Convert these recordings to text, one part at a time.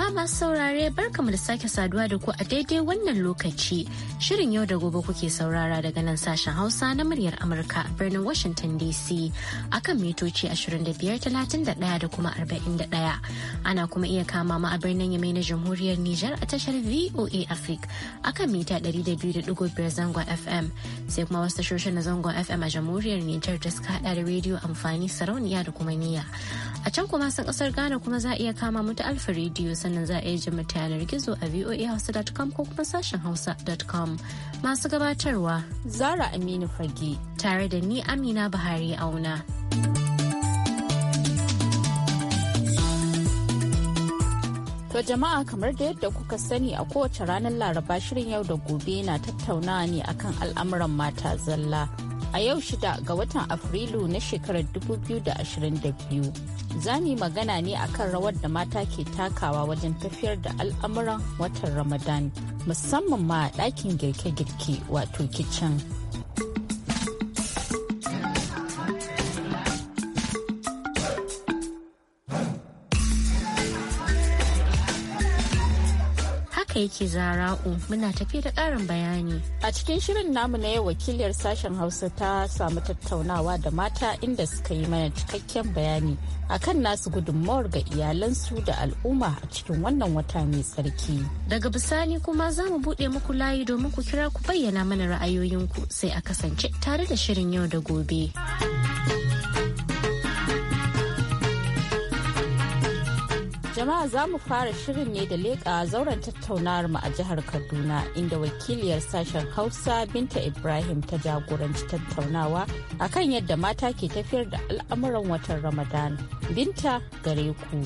jama'a masu saurare barkamu da sake saduwa da ku a daidai wannan lokaci. Shirin yau da gobe kuke saurara daga nan sashen Hausa na muryar Amurka birnin Washington DC akan mitoci 2531 da kuma 41. Ana kuma iya kama ma a birnin yame na Jamhuriyar Nijar a tashar VOA Africa akan mita 200.5 zangon FM. Sai kuma wasu tashoshin na zangon FM a Jamhuriyar Nijar da suka hada da rediyo amfani sarauniya da kuma niyya. A can kuma sun kasar Ghana kuma za a iya kama mu ta Alfa rediyo sannan za a yi jin ta yanar gizo a voahausa.com ko kuma sashen hausa.com masu gabatarwa zara aminu fage tare da ni amina buhari auna. To jama'a kamar da yadda kuka sani a kowace ranar laraba shirin yau da gobe na tattaunawa ne akan al'amuran mata zalla. a yau shida ga watan afrilu na shekarar 2022 za mu magana ne akan rawar da mata ke takawa wajen tafiyar da al'amuran watan ramadan musamman ma a ɗakin girke-girke wato kicin. haka yake zara'u muna tafi da ƙarin bayani. A cikin shirin namu na yau wakiliyar sashen Hausa ta samu tattaunawa da mata inda suka yi mana cikakken bayani a kan nasu gudunmawar ga iyalansu da al'umma a cikin wannan wata mai tsarki. Daga bisani kuma za mu buɗe muku layi domin ku kira ku bayyana mana ra'ayoyinku sai a kasance tare da shirin yau da gobe. Jama'a za mu fara shirin ne da leƙa zauren tattaunawar mu a jihar Kaduna inda wakiliyar sashen Hausa Binta Ibrahim ta jagoranci tattaunawa akan yadda mata ke tafiyar da al'amuran watan Ramadan. Binta gare ku.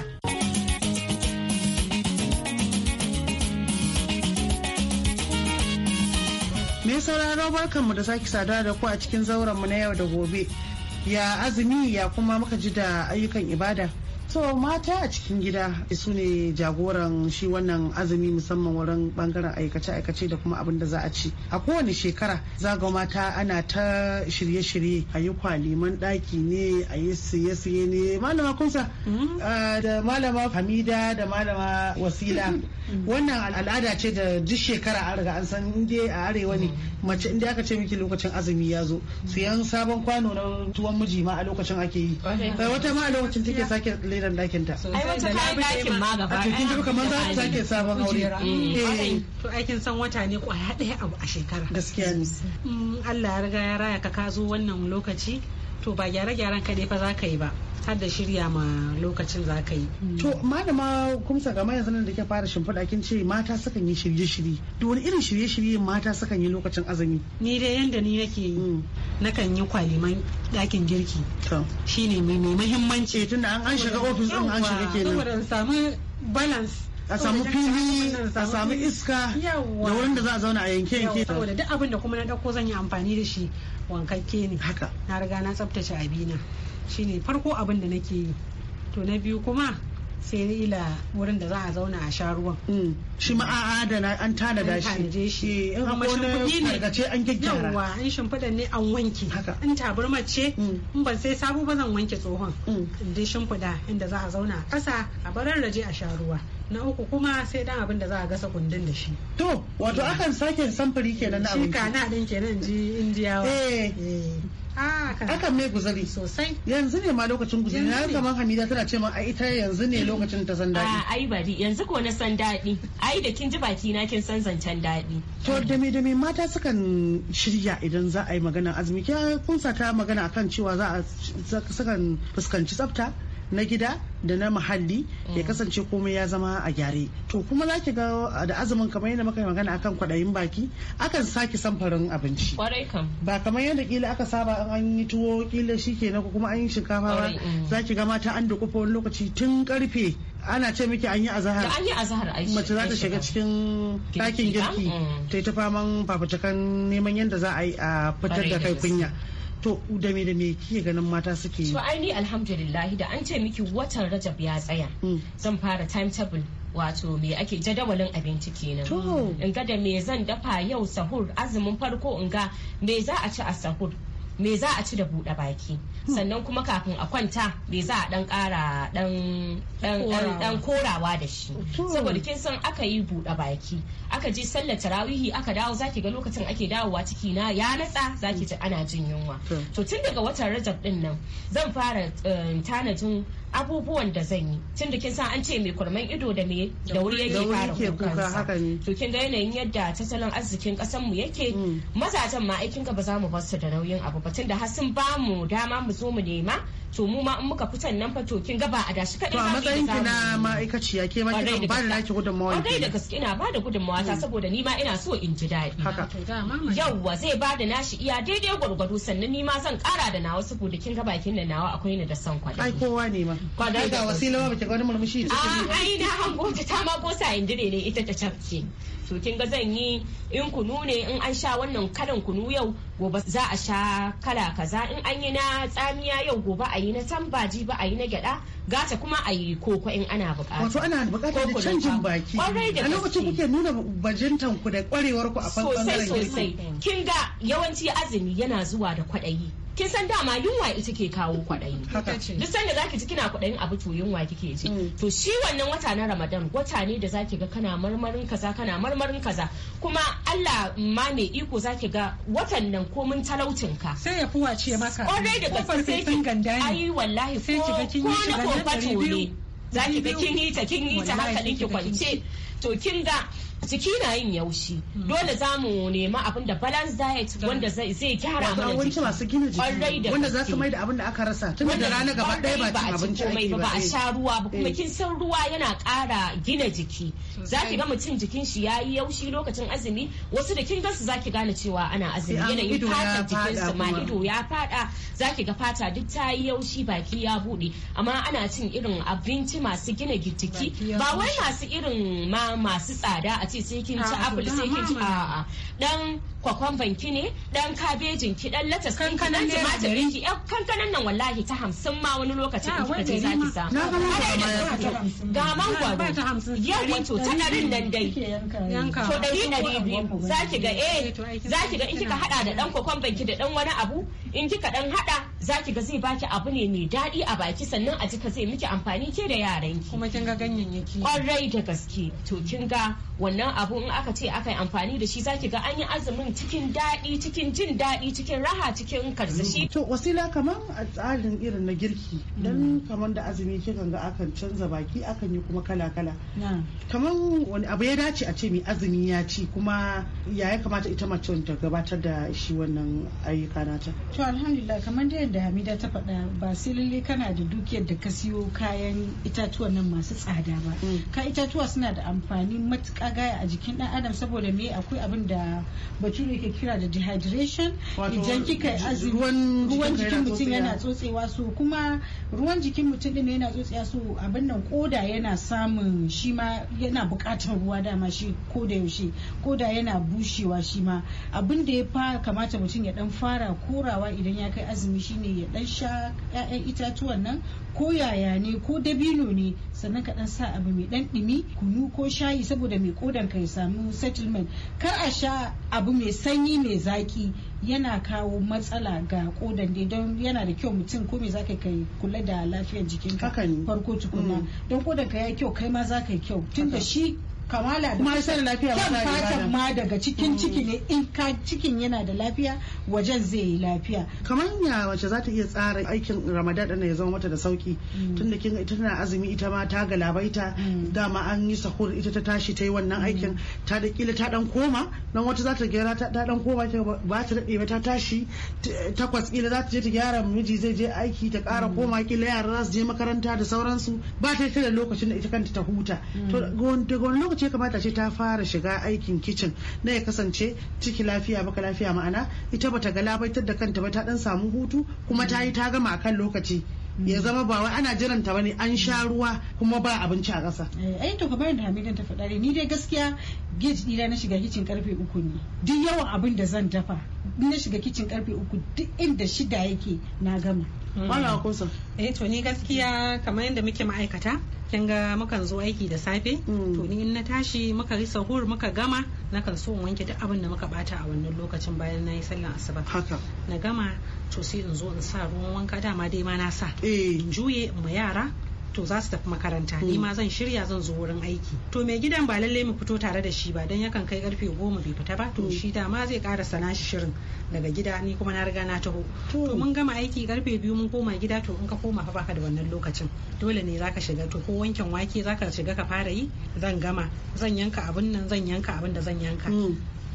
Me sauraro barkanmu da sake sadar da ku a cikin zauren mu na yau da gobe. Ya azumi ya kuma muka ji da ayyukan ibada. so mata a cikin gida su ne jagoran shi wannan azumi musamman wurin bangaren aikace-aikace da kuma abin da za a ci a kowane shekara zaga mata ana ta shirye-shirye a yi kwaliman ɗaki ne a yi siye-siye ne malama kunsa mm-hmm. ah, da malama hamida da malama wasila mm-hmm. wannan al'ada ce da duk shekara an riga an san inda a arewa ne mm-hmm. mace inda aka ce miki lokacin azumi ya zo siyan sabon kwano na tuwon miji ma a lokacin ake yi wata ma a lokacin take sake gidan dakin ta ai wata kayan dakin ma gaba ɗaya eh. kin ji kamar za ta sake sabon aure to aikin san wata ne kwaya ɗaya abu a shekara gaskiya ne mm, Allah ya riga ya raya ka ka zo wannan lokaci to ba gyare-gyaren ka ne fa za ka yi ba har da shirya ma lokacin za ka yi. Mm. To malama kumsa kamar yanzu nan da ke fara shimfiɗa kin ce mata sukan yi shirye-shirye. To wani irin shirye-shirye mata sukan yi lokacin azumi? Ni dai yanda ni nake yi mm. nakan yi kwaliman ɗakin girki. Shi ne mai muhimmanci. Eh, tunda an an shiga ofis ɗin an shiga kenan. Saboda samu balance a samu fili a samu iska da wurin da za a zauna a yanke yanke saboda duk abin da kuma na dauko zan yi amfani da shi wankakke ne haka na riga na tsaftace abina shine farko abin da nake yi to na biyu kuma sai ila wurin da za a zauna a sha ruwan. Hmm. Shi ma a adana an tanada shi. An tanaje shi. Eh, Amma kuma ne ga ce an gyaggyara. yawa an shimfiɗa ne an wanke. Haka. In tabarma ce. Hmm. In ban sai sabu ba zan wanke tsohon. In hmm. dai shimfiɗa inda za a zauna a ƙasa a bararraje raje a sha ruwa. na uku kuma sai dan abin da za a gasa kundin da shi to wato akan sake samfuri kenan na abinci shi kana din kenan ji indiyawa eh, eh. Ah, akan mai guzari sosai yanzu ne ma lokacin guzari na kamar hamida tana ce ma a ita yanzu ne lokacin ta san daɗi ah, ai bari yanzu ko na san daɗi ai da kin ji baki na kin san zancen daɗi to da me da me mata sukan shirya idan za a yi magana azumi ke kun ta magana akan cewa za a sukan fuskanci tsafta na gida da na muhalli ya mm. kasance komai ya zama a gyare to kuma za ki ga uh, da azumin kamar yadda muka yi magana akan kwaɗayin baki akan sake samfarin abinci ba kamar yadda kila aka saba an yi tuwo kila shi kenan kuma an yi shinkafa ba mm. za ki ga mata an da wani lokaci tun karfe ana ce miki an yi azahar mace za ta shiga cikin ɗakin girki mm. ta yi ta faman fafutukan neman yadda za a yi a fitar da kai kunya to da me da me kike ganin mata suke yi to ai ni alhamdulillah da an ce miki watan rajab ya tsaya mm. zan fara timetable wato me ake jadawalin abinci kenan in ga da me zan dafa yau sahur azumin farko in ga me za a ci a sahur me za a ci da buɗe baki hmm. sannan kuma kafin a kwanta me za a ɗan ƙara ɗan. korawa da shi saboda kin san aka yi buɗe baki aka ji sallar tarawihi aka dawo zaki ga lokacin ake dawowa ciki na ya natsa zaki ji ana jin yunwa to tun daga watan rajab din nan zan fara eh, tanajin abubuwan da zan yi tun da kin san an ce mai kurman ido da me da wuri yake fara kukansa to kin ga yanayin yadda tattalin arzikin kasan mu yake mm. mazajen ma aikin ka ba za mu bar su da nauyin abu ba tun da har sun ba mu dama mu zo mu nema to mu ma in muka fita nan fa to kin ga ba a dashi kadai ba to matsayin ki na ma'aikaciya ke ma kika ba da naki gudunmawa ki da gaske ina ba da gudunmawa ta mm. saboda ni ma ina so in ji daɗi yawwa zai ba da nashi iya daidai gurgudu sannan ni ma zan kara da nawa saboda kin ga bakin da nawa akwai ni da san kwaɗi ai kowa ne ma kwana da wasila ba ta wani murmushi a ah, ai da hango ta ta ma kosa indire ne ita ta cafke to kin ga zan yi in kunu ne in an sha wannan kalan kunu yau gobe za a sha kala kaza in an yi na tsamiya yau gobe a yi na tambaji ba a yi na gyada gata kuma a yi koko in ana bukata wato ana bukata da canjin baki a lokacin kuke nuna bajintan ku da kwarewar ku a sosai sosai kin ga yawanci azumi yana zuwa da kwaɗayi kin san dama yunwa ita ke kawo kwaɗayi duk sanda zaki ji kina kwaɗayin abu to yunwa kike ji mm. to shi wannan wata na ramadan wata ne da zaki ga kana marmarin kaza kana marmarin marmarin kaza kuma Allah ma ne iko zaki ga watan nan mun talaucin ka sai ya fuwa ce maka already da gaske sai ki ayi wallahi ko na kofato ne zaki ga kin yi ta kin yi ta haka ki kwance to kin ga jiki na yin yaushi hmm. dole za mu nemi abin da balance diet wanda zai gyara mana jiki masu gina jiki wanda za su mai da abin da aka rasa tun da rana gaba ɗaya ba cin abinci ake ba ba a sha ruwa ba kuma eh. kin san ruwa yana ƙara gina jiki za ki ga mutum jikin shi yayi yaushi lokacin azumi wasu da kin gansu za ki gane cewa ana azumi yanayin fata jikin su ma ido ya fada za ki ga fata duk ta yi yaushi baki ya bude amma ana cin irin abinci masu gina jiki ba wai masu irin ma masu tsada a ce sai kin ci apple sai kin ci a'a dan kwakwamban ki ne dan kabejin ki dan latas kankanan dan tumatirin ki eh, kankanan nan wallahi ta hamsin ma wani lokaci in kika je zaki samu ga gwado ya wato ta ɗarin nan dai to ɗari ɗari biyu eh, zaki ga eh zaki ga in kika hada da dan kwakwamban ki da dan wani abu in kika dan hada zaki ga zai baki abu ne mai daɗi a baki sannan a jika zai miki amfani ke da yaran ki kuma kin ga yake kwarai da gaske to kin ga wannan abu in aka ce aka yi amfani da shi zaki ga an yi azumin cikin daɗi cikin jin daɗi cikin raha cikin karsashi. To wasila kamar a tsarin irin na girki dan mm. kamar da azumi ke ga akan canza baki akan yi kuma kala kala. Kamar wani abu ya dace a ce mai azumi ya ci kuma ya ya kamata ita mace ta gabatar da shi wannan ayyuka nata. To alhamdulillah kamar da yadda Hamida ta faɗa ba sai lalle kana da dukiyar da ka siyo kayan itatuwa nan masu tsada ba. Mm. Ka itatuwa suna da amfani matuƙa gaya a jikin ɗan adam saboda me akwai abin da batu shi ne ke kira da dehydration idan kika yi ruwan jikin mutum yana tsotsewa so kuma ruwan jikin mutum din yana tsotsewa so abin nan koda yana samun shi ma yana bukatar ruwa dama shi ko da yaushe koda yana bushewa shi ma abin da ya fa kamata mutum ya dan fara korawa idan ya kai azumi shine ya dan sha ƴaƴan itatuwan nan ko yaya ne ko dabino ne sannan ka dan sa abu mai dan dumi kunu ko shayi saboda mai kodan ka ya samu settlement kar a sha abu mai sanyi mai zaki yana kawo matsala ga kodan dai don yana da kyau mutum ko me zaka kai kula da lafiyar jikinka farko tukuna mm. don kodan ka ya kyau kai ma zaka yi kyau da shi kamala da marasa lafiya ba fatan ma daga cikin mm. ciki ne in ka cikin yana da lafiya wajen zai yi lafiya kamar ya wace za ta iya tsara aikin ramadan ɗana ya zama mata da sauki mm. tunda kin ita tana azumi ita ma ta labaita mm. dama an yi sahur ita ta tashi ta yi wannan aikin ta da kila ta dan koma dan wata za ta gyara ta dan koma ba ta dade ba ta tashi takwas kila za ta je ta gyara miji zai je aiki ta kara koma kila yara za su je makaranta da sauransu ba ta yi da lokacin da ita kanta ta huta to wani lokaci ya kamata ce ta fara shiga aikin kicin na ya kasance ciki lafiya baka lafiya ma'ana ita bata galabaitar da kanta ba ta dan samu hutu kuma ta yi ta gama akan lokaci ya zama ba wai ana jiran ta bane an sha ruwa kuma ba abinci a ƙasa. Eh, ai to kamar da Hamidan ta faɗa ni dai gaskiya gate dina na shiga kicin karfe uku ne duk yawan abin da zan dafa na shiga kicin karfe uku duk inda shida yake na gama Mm. Eh to ni gaskiya kamar yadda muke ma'aikata kin ga mukan zo aiki da safe mm. to ni in na tashi muka yi sahur muka gama nakan so in wanke duk abin da muka bata a wannan lokacin bayan na yi sallan asuba. Haka. Na gama to sai in zo in sa ruwan wanka dama dai ma na sa. Eh. Juye in ma yara to za su tafi makaranta ni hmm. ma zan shirya zan zo wurin aiki to mai gidan ba lalle mu fito tare da shi ba dan yakan kai karfe goma bai fita ba to hmm. shi da ma zai kara sana shi shirin daga gida ni kuma na riga na taho to hmm. mun gama aiki karfe biyu mun koma gida to in ka koma fa baka da wannan lokacin dole ne zaka shiga to ko wankin wake zaka shiga ka fara yi zan gama zan yanka abin nan zan yanka abin da zan yanka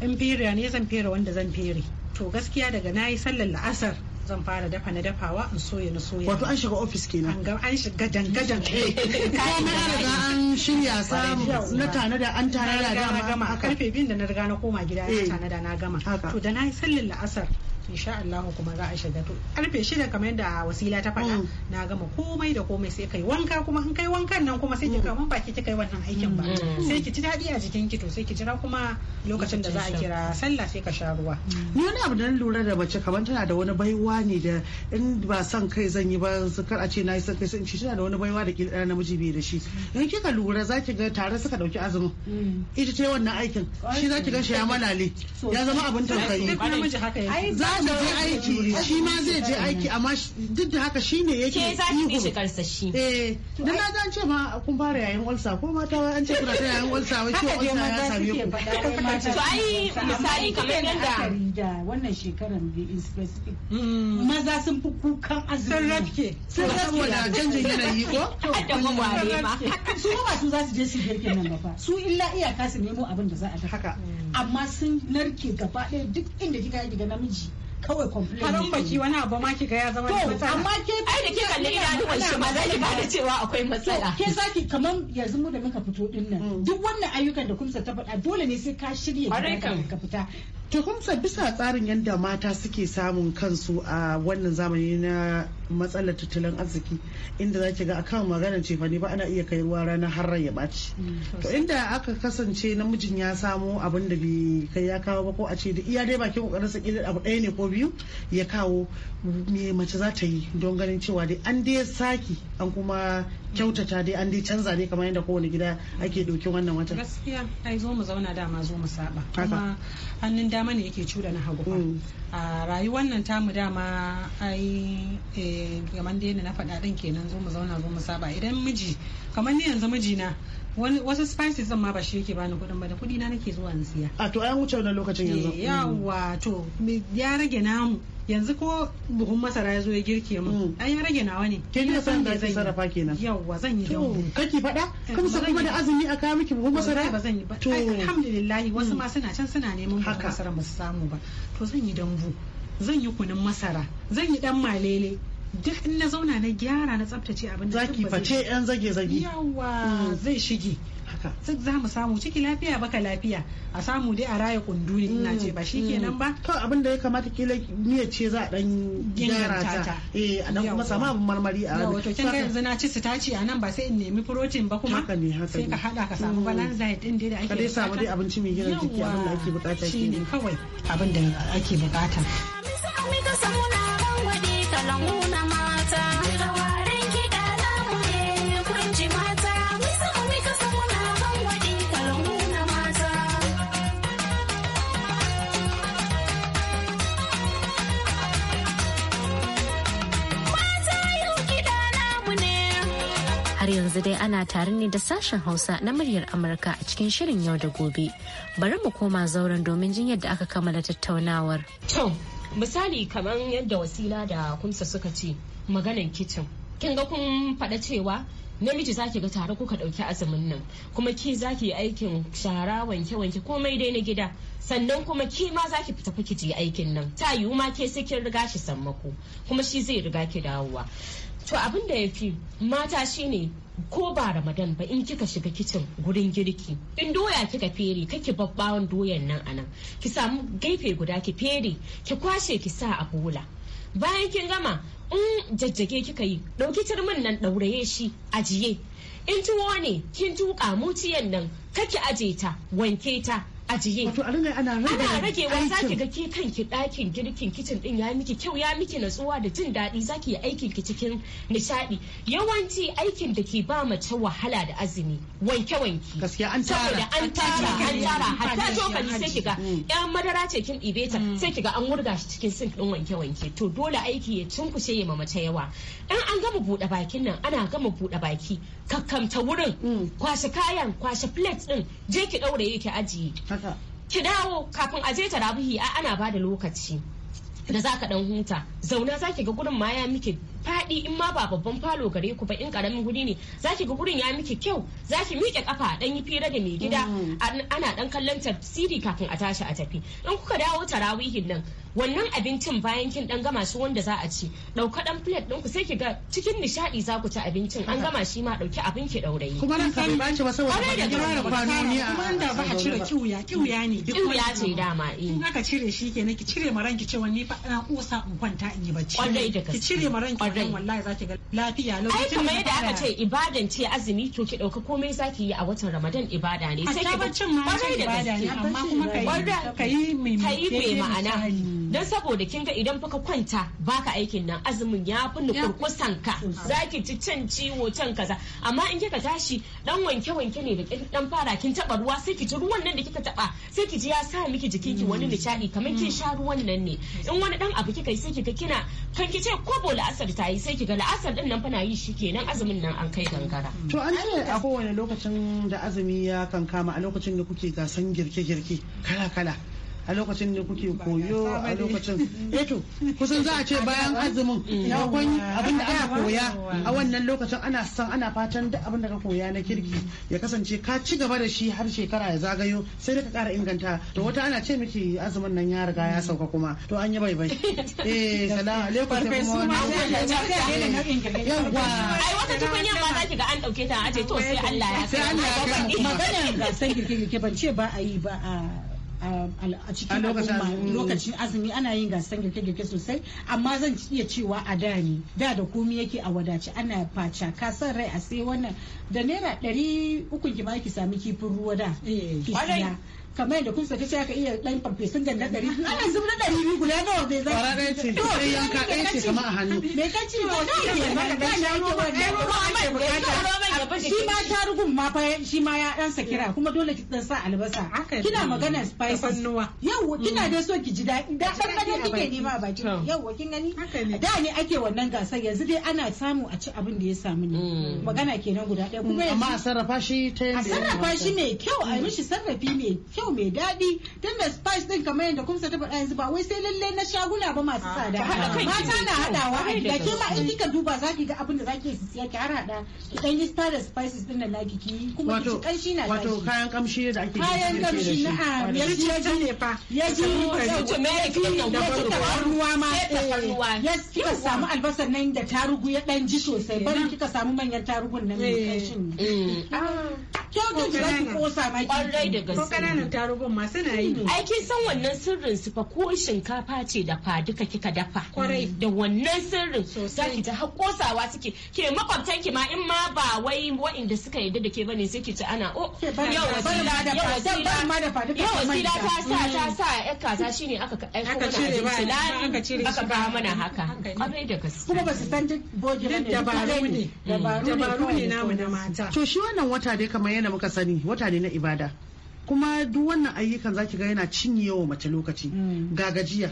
in fere ne zan fere wanda zan fere to gaskiya daga nayi sallar la'asar zan fara dafa na dafawa in soya na soya wato an shiga ofis kenan an shiga dangadan komai eh, an riga an shirya samu na tanada an tanada dama gama a karfe biyun da na riga na koma gida na eh. tanada na gama to da na yi sallin la'asar insha Allah kuma za a shiga to karfe shida kamar yadda wasila ta faɗa mm. na gama komai da komai sai kai wanka kuma in kai wankan nan kuma sai ki mm. kaman baki ki kai wannan aikin ba mm. sai ki ji daɗi a jikin ki to sai ki jira kuma lokacin da za a kira sallah sai ka sha ruwa ni wani abu da na lura da mace kamar tana da wani baiwa ne da in ba son kai zan yi ba kar a ce na yi son kai sai in ci tana da wani baiwa da ke da namiji bai da shi in kika lura lura zaki ga tare suka dauki azumin mm. ita ce wannan aikin shi zaki ga shi ya malale ya zama abin tausayi za mu je aiki shi ma zai je aiki amma duk da haka shine yake ihu shi karsashi eh dan na zan ce ma kun fara yayin ulsa ko mata an ce kuna ta yayin ulsa wai ko ulsa ya same ku to ai misali kamar yanda wannan shekaran bi in specific mm. maza sun fi kukan azumi sun rafke sun rafke da canjin yanayi ko to da su ba su za su je su girke nan ba su illa iyaka su nemo abin da za a dafa amma sun narke gaba ɗaya duk inda kika yi daga namiji kawai complain haram baki wani abu ma kika ya zama matsala amma ke ai da ke kalle duk shi ma za ki da cewa akwai matsala ke saki kaman yanzu mu da muka fito din nan mm. duk wannan ayyukan da kumsa ta faɗa dole ne sai ka shirya ka fita ta kumsa bisa tsarin yadda mata suke samun kansu a wannan zamani na matsalar tattalin arziki inda zaki ga akan maganar cefane ba ana iya kai ruwa rana har rai ya baci mm, to inda aka kasance namijin ya samo abin da bai kai ya kawo ba ko a ce da iya dai bakin kokarin sa abu ɗaya ne ko biyu ya kawo me mace za ta yi don ganin cewa dai an dai saki an kuma kyautata dai an dai canza dai kamar yadda kowane gida ake ɗauki wannan watan gaskiya ai zo mu zauna dama zo mu saba kuma hannun dama ne yake cuda na hagu mm. a rayuwar nan tamu dama ai eh, kamar da yadda na faɗa ɗin kenan zo mu zauna zo mu saba idan miji kamar ni yanzu mijina wasu spices zan ma ba shi yake bani kuɗin ba da kuɗi na nake zuwa in siya a to an wuce wannan lokacin yanzu eh, yawa to ya rage namu yanzu ko buhun masara ya zo ya girke mu mm. ai ya rage nawa ne ke ne san da zai sarrafa kenan yawa zan yi dawo kake faɗa eh, kuma sa kuma da azumi a kawo miki buhun masara ba zan yi ba alhamdulillah wasu ma mm. suna can suna neman buhun masara ba su samu ba to zan yi dambu zan yi kunun masara zan yi dan malele duk in na zauna na gyara na tsaftace abin da zaki face yan zage zage yawa hmm. zai shige haka duk za mu samu ciki lafiya baka lafiya a samu dai a raya kundu ne ina hmm. ce ba shikenan hmm. ba to abin da ya kamata kila miya ce za a dan gyara ta eh a kuma samu abin marmari a rabi to kin ga yanzu na ci sitaci a nan ba sai in nemi protein ba kuma haka ne haka sai ka hada ka samu balance din da ake ka dai samu dai abinci mai gina jiki abin da ake bukata ne kawai abin da ake bukata yanzu dai ana tare ne da sashen Hausa na muryar Amurka a cikin shirin yau da gobe. Bari mu koma zauren domin jin yadda aka kammala tattaunawar. To, misali kamar yadda wasila da kunsa suka ce maganan kicin. Kin ga kun faɗa cewa namiji zaki ga tare kuka ɗauki azumin nan kuma ki zaki yi aikin shara wanke wanke komai dai na gida sannan kuma ki ma zaki fita fiki aikin nan ta yiwu ma ke sai kin riga shi sammako kuma shi zai riga ki dawowa to abin da ya fi mata shine ko ba ramadan ba in kika shiga kicin gurin girki in doya kika fere kake babbawan doyan nan anan ki samu gefe guda ki fere ki kwashe ki sa a bola bayan kin gama in jajjage kika yi dauki turmin nan ɗauraye shi ajiye in tuwo ne kin tuƙa muciyan nan kake aje ta wanke ta ajiye wato a ringa ana rage ana rage wa zaki ga ke kanki dakin girkin kicin din ya miki kyau ya miki natsuwa da jin daɗi zaki yi aikin ki cikin nishaɗi yawanci aikin da ke ba mace wahala da azumi wanke wanke gaskiya an tara saboda an tara an tara hatta cokali sai kiga yan madara ce kin ɗibe ta mm. sai kiga an wurga shi cikin sink din wanke wanke to dole aiki ya cunkushe ya ma mace yawa in an gama buɗe bakin nan ana gama buɗe baki kakkamta wurin mm. kwashe kayan kwashe plates din je ki ɗaure ki ajiye haka ki dawo kafin a je tarabihi a ana bada lokaci da za ka dan huta zauna zaki ga gurin ma ya miki faɗi in ma ba babban falo gare ku ba in karamin guri ne za ki ga gurin ya miki kyau za ki miƙe kafa dan yi fira da mai gida mm. ana dan kallon tafsiri kafin a tashi a tafi in kuka dawo tarawihin nan wannan abincin bayan kin dan gama shi wanda za a ci dauka dan plate ɗin ku sai ki ga cikin nishadi za ku ci abincin an gama shi ma dauki abin ki daurayi kuma nan kan ba ci ba saboda ba da kwanoni a kuma da ba a cire kiwuya kiwuya ne duk kiwuya ce dama eh in aka cire shi kenan ki cire maran ki ce wani fa na kusa in kwanta in yi bacci ki cire maran ki ibadan wallahi ki ga lafiya lokacin da aka ce ibadan ce azumi to ki dauka komai zaki yi a watan Ramadan ibada ne sai ki ba ma ibada ne amma kuma kai kai mai ma'ana don saboda kin ga idan baka kwanta baka aikin nan azumin ya fi nukurkusan ka zaki ci can ciwo can kaza amma in kika tashi dan wanke wanke ne da dan fara kin taba ruwa sai ki ci ruwan nan da kika taba sai ki ji ya sa miki jiki ki wani mm. nishadi kamar kin sha ruwan nan ne in wani dan abu kika yi sai kika kina kan ki ce kobo la'asar ta yi sai ki ga la'asar din nan fana yi shi kenan azumin nan an kai gangara to an ce a kowane lokacin da azumi ya kankama a lokacin da kuke gasan girke-girke kala-kala a lokacin da kuke koyo a lokacin eto eh kusan za a ce bayan azumin ya kwan abin da aka koya a wannan lokacin ana san ana fatan duk abin da ka koya na kirki ya kasance ka ci gaba da shi har shekara ya zagayo sai da ka kara inganta to wata ana ce miki azumin nan ya riga ya sauka kuma to an yi baibai eh salamu alaikum da kuma wannan yawa ai wata tukunya ba za ki ga an dauke ta a ce to sai Allah ya sai Allah ya kai maganar gasan kirki kirki ban ce ba a yi ba a a cikin lokacin azumi ana yin gasar girke-girke sosai amma zan iya cewa a da ne da da komi yake a wadace ana faca kasan rai a sai wannan da naira ɗari uku ki ba ki sami kifin ruwa da eh, ki kamar yadda kun saki sai ka iya dan sun ganda dari ana zuba na dari biyu guda nawa bai zai fara ce to yanka ɗaya ce kamar a hannu me ka ci ba ni ne ba da shi ba ne ruwa mai bukata shi ma ma fa shi ma ya dan sakira kuma dole ki dan sa albasa kina magana spices yau kina da so ki ji daɗi da dan ba. kike nema a baki yau kin gani da ne ake wannan gasar yanzu dai ana samu a ci abin da ya samu ne mm. magana kenan guda ɗaya kuma amma a sarrafa shi ta yanda a sarrafa shi mai kyau a mishi sarrafi mai kyau kyau mai daɗi tunda spice din kamar yadda kumsa ta faɗa yanzu ba wai sai lalle na shaguna ba masu ah, tsada mata na haɗawa da ke ma in kika duba za ki ga abin da za ki siya ki har haɗa ɗan yi da spices din nan naki ki kuma ki ƙanshi na wato kayan kamshi da ake kayan kamshi na ah, ya ji ya ji ne fa ya ji ya ji da ruwa ya ji eh, samu albasar nan da tarugu ya ɗan ji sosai bari kika samu manyan tarugun nan mai kanshin ne. Kyau Ƙwarai da gaske. tarugun ma suna yi. Hmm. Ai kin san wannan sirrin su fa ko shinkafa ce da fa duka kika dafa. Kwarai. Da wannan sirrin za ki ta hakosawa suke ke makwabtan ki ma in ma ba wai wa'inda suka yarda da ke bane sai ki oh, ta ana o yau wasila yau wasila ta sa ta hmm. sa ya kaza shine aka aiko mana aka cire aka kawo mana haka. Kwarai da gaske. Kuma ba su san duk hmm. Dabaru ne. Dabaru ne namu na mata. To shi wannan wata dai kamar yana muka sani wata ne na ibada. kuma duk wannan ayyukan zaki ga yana cinye wa mace lokaci mm. ga gajiya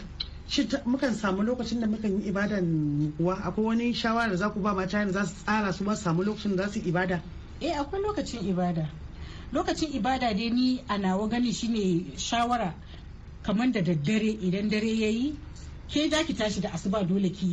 shi mukan samu lokacin da mukan yi ibadan kuwa akwai wani shawara da za ku ba mata za su tsara su ba su samu lokacin da za su ibada eh akwai lokacin ibada lokacin ibada dai ni a nawa gani shine shawara kamar da daddare idan dare ya yi ke za ki tashi da asuba dole ki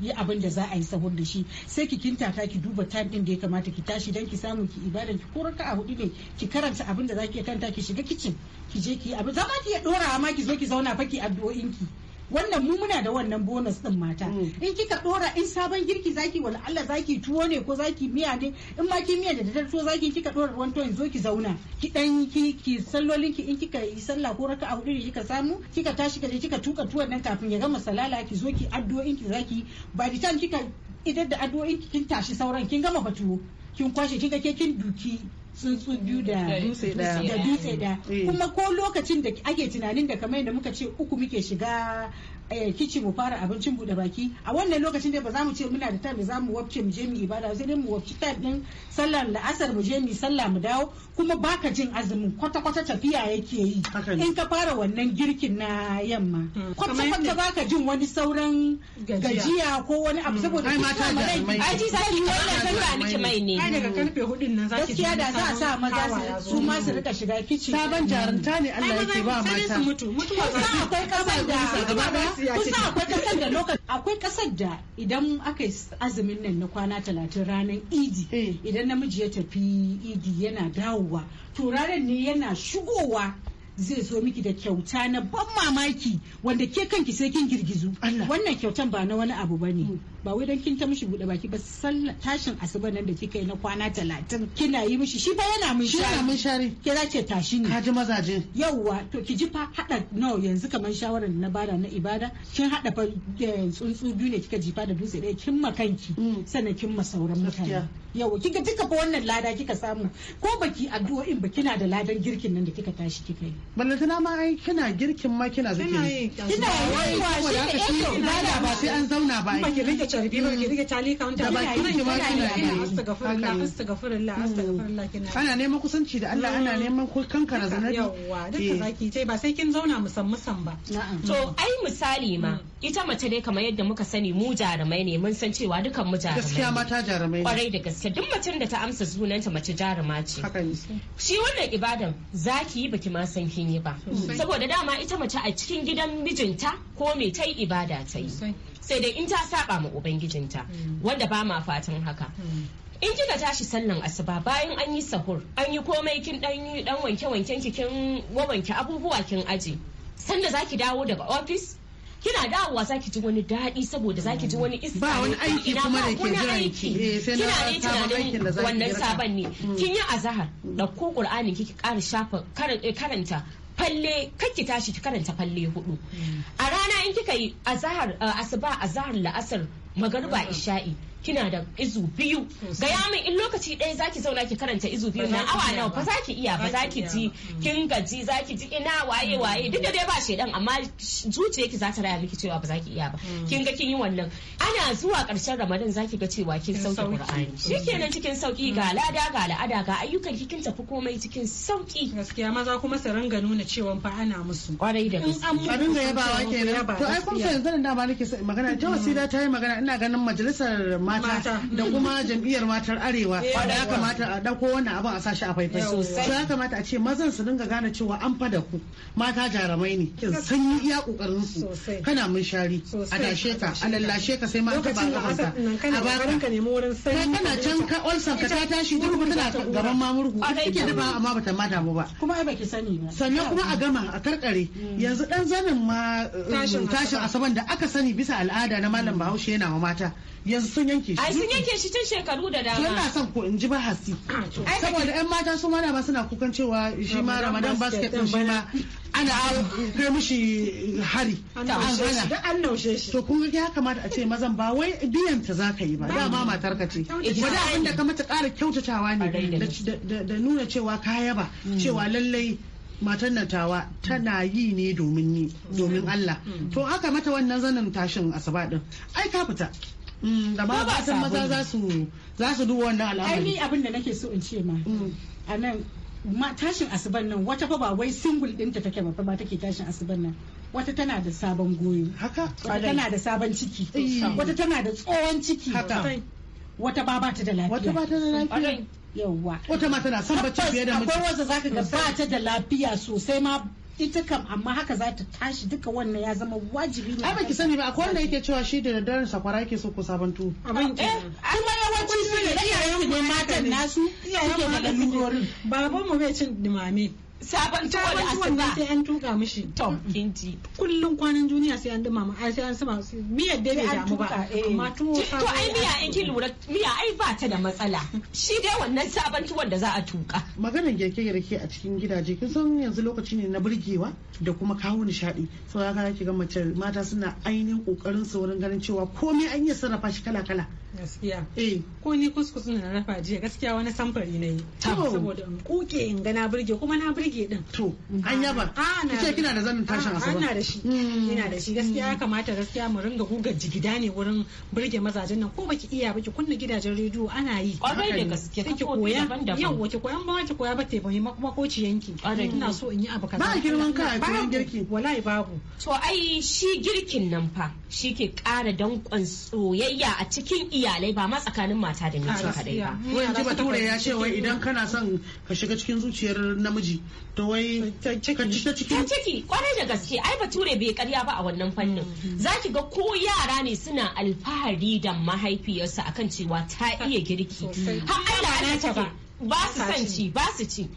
yi abin da za a yi sahur da shi sai ki kintata ki duba time din da ya kamata ki tashi dan ki samu ki ibadan ki ka a hudu ne ki karanta abin da za ki kanta ki shiga kicin ki je ki yi abin za ki dora ma ki zo ki zauna fa ki addu'o'in ki wannan mu muna da wannan bonus din mata mm. in kika dora in sabon girki zaki wala Allah zaki tuwo ne ko zaki miya ne in ma ki miya da dadar tuwo zaki kika dora ruwan to zo ki zauna ki dan ki ki sallolin ki in kika yi sallah ko raka a hudu da kika samu kika tashi kaje kika tuka tuwon nan kafin ya gama salala ki zo ki addu'o'in ki zaki by the time kika idan da addu'o'in kin tashi sauran kin gama fatuwo kin kwashe kin ga ke kin duki tsuntsu biyu da dutse da dutse da eh. kuma ko lokacin da ake tunanin da kamar yadda muka ce uku muke shiga Eh, kici mu fara abincin bude baki a wannan lokacin dai ba za mu ce muna da time za mu wabce mu je mu ibada sai dai mu wabci time din sallar asar mu je mu sallah mu dawo kuma baka jin azumin kwata kwata tafiya yake yi in ka fara wannan girkin na yamma hmm. kwata kwata baka jin wani sauran gajiya ko wani abu hmm. saboda ai mata ai ji sai wannan sallah nake mai ne ai daga karfe 4 nan zaki gaskiya da za a sa maza su ma su rika shiga kici sabon jarunta ne Allah yake ba mata sai su mutu mutuwa ba akwai kabar da akwai kasar da akwai kasar da idan aka azumin nan na kwana talatin ranar idi eh. idan namiji ya tafi idi yana dawowa turaren ne yana shigowa zai zo miki da kyauta na ban mamaki wanda ke kanki sai kin girgizu wannan kyautan ba na wani abu bane mm. ba wai dan kin ta mishi bude baki ba sallah tashin asuba nan da kika yi na kwana talatin kina yi mishi shi ba yana mun share yana mun share ke za tashi ne kaji mazaje yawwa to ki ji fa hada no yanzu kaman shawarar na bada na ibada kin hada fa eh, tsuntsu biyu ne kika jifa da dutse daya kin makanki mm. sannan kin sauran mutane yawwa kika duka fa wannan lada kika samu ko baki addu'o'in ba kina da ladan girkin nan da kika tashi kika yi tana ma ai kina girkin ma kina zuke kina yi kina yi kwa eh, shi da ba sai an zauna ba ba ki rike carbi ba ki rike tali ka wanda ba ki rike ma kina yi astaghfirullah astaghfirullah astaghfirullah kina ana neman kusanci da Allah ana mm. neman kankara zanabi yawa duka eh. zaki ce ba sai kin zauna musamman ba to ai misali ma mm. ita mace dai kamar yadda muka sani mu jarumai ne mun san cewa dukan mu jarumai gaskiya mata jarumai kwarai da gaske duk macen da ta amsa sunanta mace jaruma ce mm. shi wannan ibadan zaki yi baki ma san kin yi ba saboda dama ita mace a cikin gidan mijinta ko me ta yi ibada ta yi sai dai in ta saba ma ubangijinta hmm. wanda ba ma fatan haka hmm. in kika tashi sallan asuba bayan an yi sahur an yi komai kin dan dan wanke wanken ki kin wanke abubuwa kin aje sanda zaki dawo daga office kina dawowa zaki ji wani daɗi saboda zaki ji wani iska ba wani aiki kuma da ke jira ki eh, kina ne tunanin wannan sabon ne hmm. kin yi azahar ko qur'ani kiki ƙara shafa eh, karanta falle ki tashi ki karanta falle hudu hmm. a rana in kika yi azahar eh, asuba azahar la'asar magariba hmm. isha'i kina da izu biyu gaya min in lokaci ɗaya zaki zauna ki karanta izu biyu na awa nawa ba zaki iya ba zaki ji mm. kin gaji zaki ji ina waye waye duk da dai ba shedan amma zuciyarki za ta raya miki cewa ba zaki iya ba mm. kin ga kin yi wannan ana zuwa ƙarshen ramadan zaki ga cewa kin sauke qur'ani shikenan cikin sauki ga mm. lada ga al'ada ga ayyukan kikin tafi komai cikin sauki gaskiya maza kuma su ringa nuna cewa fa ana musu kwarai da gaske a ringa yabawa kenan to ai kun san zan da ba nake magana mm. ta wasila ta yi magana ina ganin majalisar mata da kuma jam'iyyar matar arewa eh, da ya kamata a dauko wannan abin a sashi a faifai sosai ya kamata a ce mazan su dinga gane cewa an fada ku mata jarumai ne kin san iya kokarin su kana mun shari a dashe ka a lallashe ka sai ma ta ba gaban a ba ka nemi wurin sanyi kana can ka olsa ka ta tashi duk kuma tana gaban mamurku murhu yake da dafa amma bata ma damu ba kuma ai baki sani ba sannan kuma a gama a karkare mm. yanzu dan zanin ma tashin um, asaban da aka sani bisa al'ada na malam Bahaushe yana wa mata yanzu sun yanke shi ai sun yanke shi tun shekaru da dama yana son ko in ji ba hasi ah, saboda yan mata su ma ba suna kukan cewa shi ma ramadan basket din shi ma ana kai mishi hari an gana. an naushe shi to kun ya kamata a ce mazan ba wai biyan ta zaka yi ba dama matar ka ce wanda abin da ka mata ƙara kyautatawa ne da nuna cewa kaya ba hmm. cewa lallai matan natawa tana yi ne domin ni domin hmm. Allah hmm. to aka mata wannan zanen tashin asaba din ai ka fita Mm, da ba ba san maza za su za su duba wannan al'amari ai abin da nake so in ce ma mm. a nan tashin asuban nan wata fa ba wai single dinta take ba ba take tashin asuban nan wata tana da sabon goyo haka wata tana da sabon ciki wata tana da tsohon ciki haka wata ba ba ta da lafiya wata ba ta da lafiya yawwa wata ma tana son bacci fiye da mutum akwai wasu zaka ga ba ta da lafiya sosai ma ita kam amma haka za ta tashi duka wannan ya zama wajibi ne abin ki sani ba akwai wanda yake cewa shi da daddaren sakwara ke so ku sabantu eh, abin ki kuma yawanci su ne iyayen matan nasu iyayen mu da baban mu bai cin dumame sabon tuwo da asuba sai an tuka mishi tom kinti kullun kwanan duniya sai an dima ma sai an sama miyar dai bai damu ba eh. amma tuwo to ai miya in kin lura miya ai ba ta da matsala shi dai wannan sabon tuwon da za a tuka maganar girke-girke a cikin gidaje kin san yanzu lokaci ne na burgewa da kuma kawo nishaɗi so ya ga ki ga mace mata suna ainihin kokarin su wurin ganin cewa komai an yi sarrafa shi kala-kala gaskiya eh. ko ni kuskus na rafa jiya gaskiya wani samfari na yi saboda in kuke in ga na burge kuma na burge din to an yaba ce ah, kina da zanin ah, tashin asuba ana da shi mm. ina da shi gaskiya ya kamata gaskiya mu ringa guga jigida ne wurin burge mazajen nan ko baki iya baki kunna gidajen rediyo ana yi kwarai da gaske kake koya yau wace koyan ba ki koya ba te bai yanki ina so in yi abu kaza ba girman a cikin girki wallahi babu to ai shi girkin nan fa shi ke kara dankon soyayya a cikin iya iyalai ba ma tsakanin mata da miji kadai ba wai ji bature ya ce wai idan kana son ka shiga cikin zuciyar namiji to wai ka shiga cikin ciki kwarai da gaske ai bature bai karya ba a wannan fannin mm-hmm. zaki ga ko yara ne suna alfahari da mahaifiyarsa akan cewa ta iya girki har Allah ya ba su san ba su ci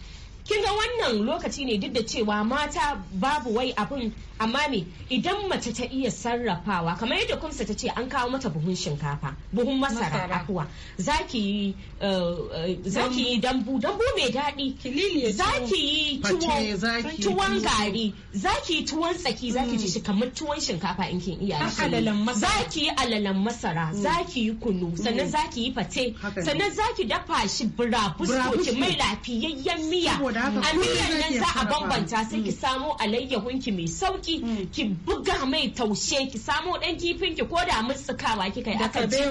kin ga wannan lokaci ne duk da cewa mata babu wai abun amma me idan mace ta iya sarrafawa kamar yadda kumsa ta ce an kawo mata buhun shinkafa buhun masara akuwa zaki yi eh, eh, zaki yi dambu dambu mai daɗi zaki yi tuwon gari zaki yi tuwon tsaki zaki mm. ci shi kamar tuwon shinkafa in kin iya zaki yi alalan masara mm. zaki yi kunu sannan mm. zaki yi fate sannan zaki dafa shi burabus ki mai lafiyayyen miya saboda haka nan za a bambanta sai ki mm. samo alayyahun ki mai sauki mm. ki buga mai taushe ki samo dan kifin ki ko da mutsikawa ki kai aka ci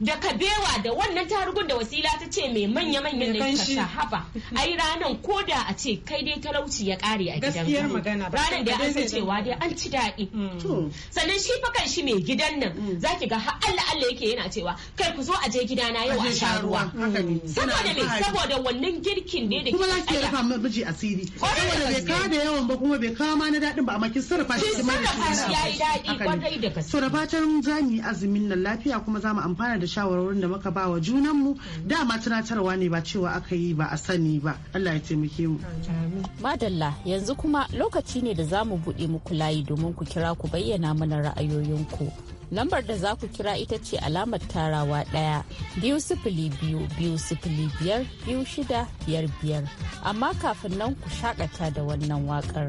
da kabewa da wannan tarugun da wasila ta ce mai manya manyan da kika sha ai ranan ko da a ce kai dai talauci ya kare a gidan ranan da an san cewa dai an ci daɗi mm. sannan shi fa kan shi mai gidan nan zaki ga Allah Allah yake yana cewa kai ku zo a je gidana yau a sha ruwa saboda me saboda wannan girkin ne da kike ma miji asiri saboda bai kawo da yawan ba kuma bai kawo ma na daɗin ba amma kin sarrafa shi kuma yayi daɗi kwarai da gaske to da fatan za mu yi azumin nan lafiya kuma za mu amfana da shawarwarin da muka ba wa junanmu dama tunatarwa ne ba cewa aka yi ba a sani ba Allah ya taimake mu madalla yanzu kuma lokaci ne da za mu buɗe muku layi domin ku kira ku bayyana mana ra'ayoyinku Lambar da za ku kira ita ce alamar tarawa ɗaya biyu sifili biyu biyu sifili biyar biyu shida biyar biyar. Amma kafin nan ku shakata da wannan waƙar.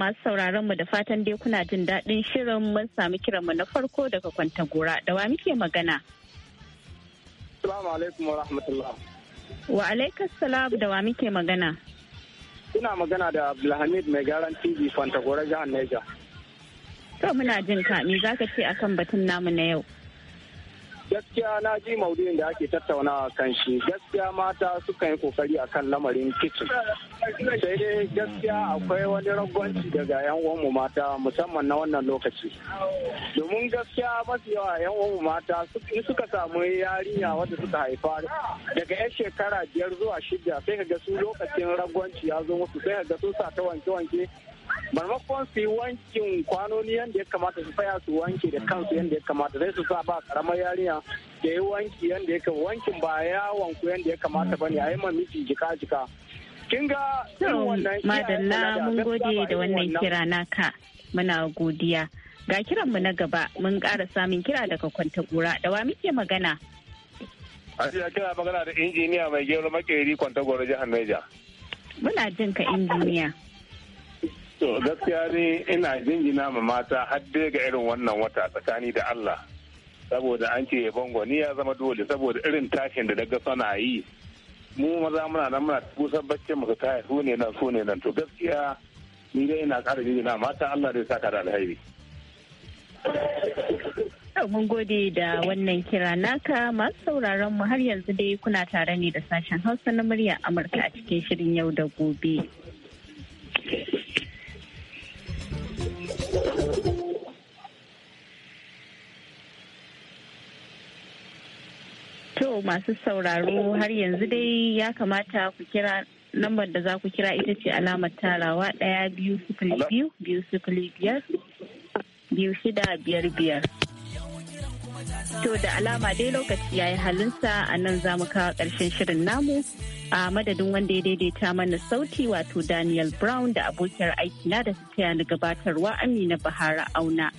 masu sauraron mu da fatan dai kuna jin daɗin shirin mun sami kiran mu na farko daga Kwantagora. Da wa muke magana? Assalamu alaikum wa rahmatullah. Wa alaikas salam da wa muke magana? Ina magana da Abdulhamid mai gyaran TV Kwantagora jihar Niger. To muna jin ka me zaka ce akan batun namu na yau? gaskiya na ji maudu'in da ake tattaunawa kan shi gaskiya mata sukan yi kokari akan lamarin kicin sai dai gaskiya akwai wani ragwanci daga yan uwanmu mata musamman na wannan lokaci domin gaskiya mafi yawa yan uwanmu mata suka samu yarinya wadda suka haifa daga yan shekara biyar zuwa shida sai ka ga su lokacin ragwanci ya zo musu sai ka ga su sa ta wanke-wanke barmakon su yi wankin kwanoni yadda ya kamata su faya su wanke da kansu yadda ya kamata sai su sa ba karamar yarinya da ya wanki yadda ya kamata wankin ba ya wanku yadda ya kamata ba ne a yi ma miji jika jika kin ga wannan madalla mun gode da wannan kira naka muna godiya ga kiranmu na gaba mun ƙara samun kira daga kwantagora da wa muke magana Asiya kira magana da injiniya mai gero makeri gora jihar meja. Muna jin ka injiniya. To gaskiya ne ina jinjina ma mata har dai ga irin wannan wata tsakani da Allah. Saboda an ce bango ni ya zama dole saboda irin tashin da daga sana yi. Mu maza muna nan muna kusan baccin mu ta su ne nan su ne nan to gaskiya ni dai ina ƙara jinjina mata Allah zai saka da alheri. mun gode da wannan kira naka masu sauraron mu har yanzu dai kuna tare ne da sashen hausa na murya amurka a cikin shirin yau da gobe masu sauraro har yanzu dai ya kamata ku kira lambar da za ku kira ita ce alamar tarawa ɗaya biyu sifili biyu biyu sifili biyar biyu shida biyar biyar. To da alama dai lokaci ya yi halinsa a nan za mu kawo ƙarshen shirin namu a madadin wanda ya daidaita mana sauti wato Daniel Brown da abokiyar aikina da su taya na gabatarwa Amina Bahara Auna.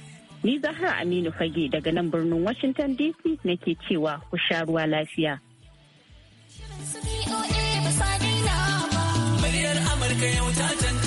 Ni Zahra Aminu Fage daga nan birnin Washington DC nake cewa ku sha ruwa lafiya. Muryar Amurka yau ta